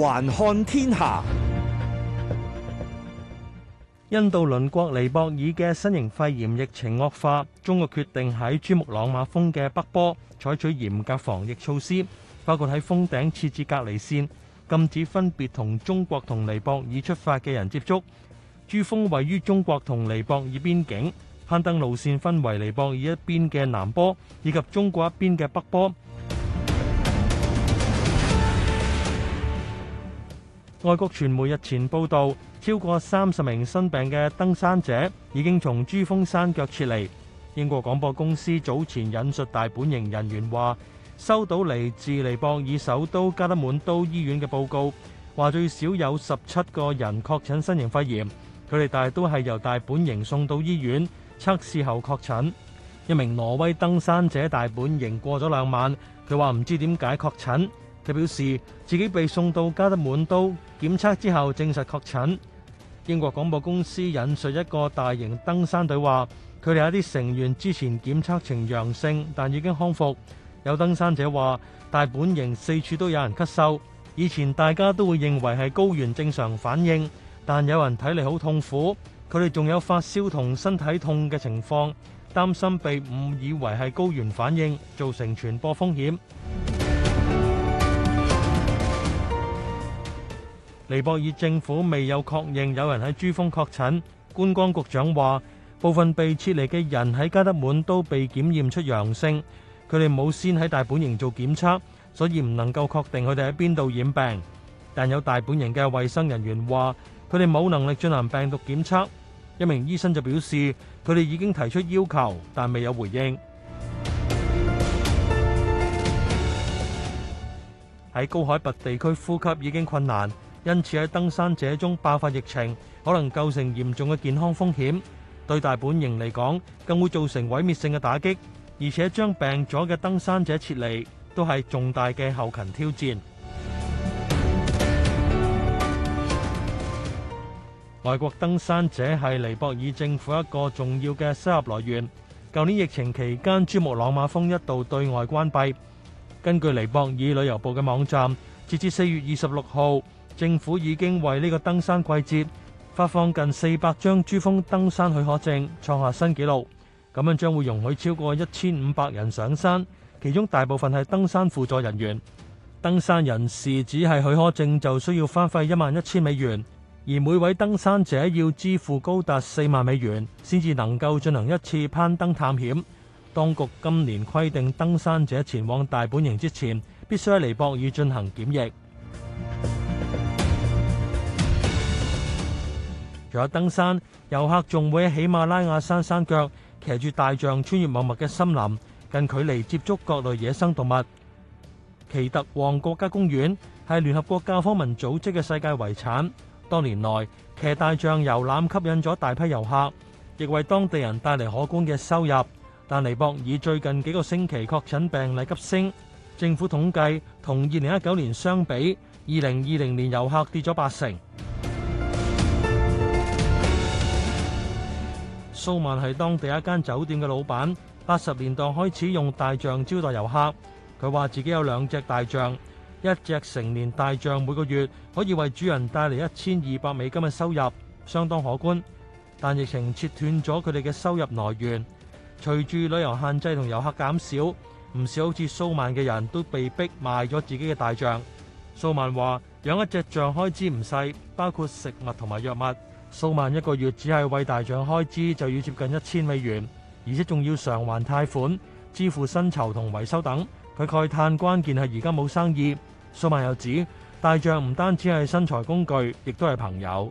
環看天下，印度鄰國尼泊爾嘅新型肺炎疫情惡化，中國決定喺珠穆朗瑪峰嘅北坡採取嚴格防疫措施，包括喺峰頂設置隔離綫，禁止分別同中國同尼泊爾出發嘅人接觸。珠峰位於中國同尼泊爾邊境，攀登路綫分為尼泊爾一邊嘅南坡以及中國一邊嘅北坡。外國傳媒日前報道，超過三十名生病嘅登山者已經從珠峰山腳撤離。英國廣播公司早前引述大本營人員話，收到嚟自尼泊爾首都加德滿都醫院嘅報告，話最少有十七個人確診新型肺炎。佢哋大都係由大本營送到醫院測試後確診。一名挪威登山者大本營過咗兩晚，佢話唔知點解確診。就表示自己被送到加德滿都檢測之後證實確診。英國廣播公司引述一個大型登山隊話：佢哋有啲成員之前檢測呈陽性，但已經康復。有登山者話：大本營四處都有人咳嗽，以前大家都會認為係高原正常反應，但有人睇嚟好痛苦，佢哋仲有發燒同身體痛嘅情況，擔心被誤以為係高原反應，造成傳播風險。尼泊爾政府未有確認有人喺珠峰確診。觀光局長話，部分被撤離嘅人喺加德滿都被檢驗出陽性。佢哋冇先喺大本營做檢測，所以唔能夠確定佢哋喺邊度染病。但有大本營嘅衛生人員話，佢哋冇能力進行病毒檢測。一名醫生就表示，佢哋已經提出要求，但未有回應。喺高海拔地區呼吸已經困難。因此喺登山者中爆發疫情，可能構成嚴重嘅健康風險，對大本營嚟講更會造成毀滅性嘅打擊，而且將病咗嘅登山者撤離都係重大嘅後勤挑戰。外國登山者係尼泊爾政府一個重要嘅收入來源。舊年疫情期間，珠穆朗瑪峰一度對外關閉。根據尼泊爾旅遊部嘅網站，截至四月二十六號。政府已經為呢個登山季節發放近四百張珠峰登山許可證，創下新紀錄。咁樣將會容許超過一千五百人上山，其中大部分係登山輔助人員。登山人士只係許可證就需要花費一萬一千美元，而每位登山者要支付高達四萬美元，先至能夠進行一次攀登探險。當局今年規定登山者前往大本營之前，必須喺尼泊爾進行檢疫。除咗登山，遊客仲會喺喜馬拉雅山山腳騎住大象穿越茂密嘅森林，近距離接觸各類野生動物。奇特旺國家公園係聯合國教科文組織嘅世界遺產。多年來騎大象遊覽吸引咗大批遊客，亦為當地人帶嚟可觀嘅收入。但尼泊爾最近幾個星期確診病例急升，政府統計同二零一九年相比，二零二零年遊客跌咗八成。蘇曼係當地一間酒店嘅老闆，八十年代開始用大象招待遊客。佢話自己有兩隻大象，一隻成年大象每個月可以為主人帶嚟一千二百美金嘅收入，相當可觀。但疫情切斷咗佢哋嘅收入來源，隨住旅遊限制同遊客減少，唔少好似蘇曼嘅人都被逼賣咗自己嘅大象。蘇曼話，養一隻象開支唔細，包括食物同埋藥物。數萬一個月只係為大象開支就要接近一千美元，而且仲要償還貸款、支付薪酬同維修等。佢慨嘆，關鍵係而家冇生意。數萬又指大象唔單止係生財工具，亦都係朋友。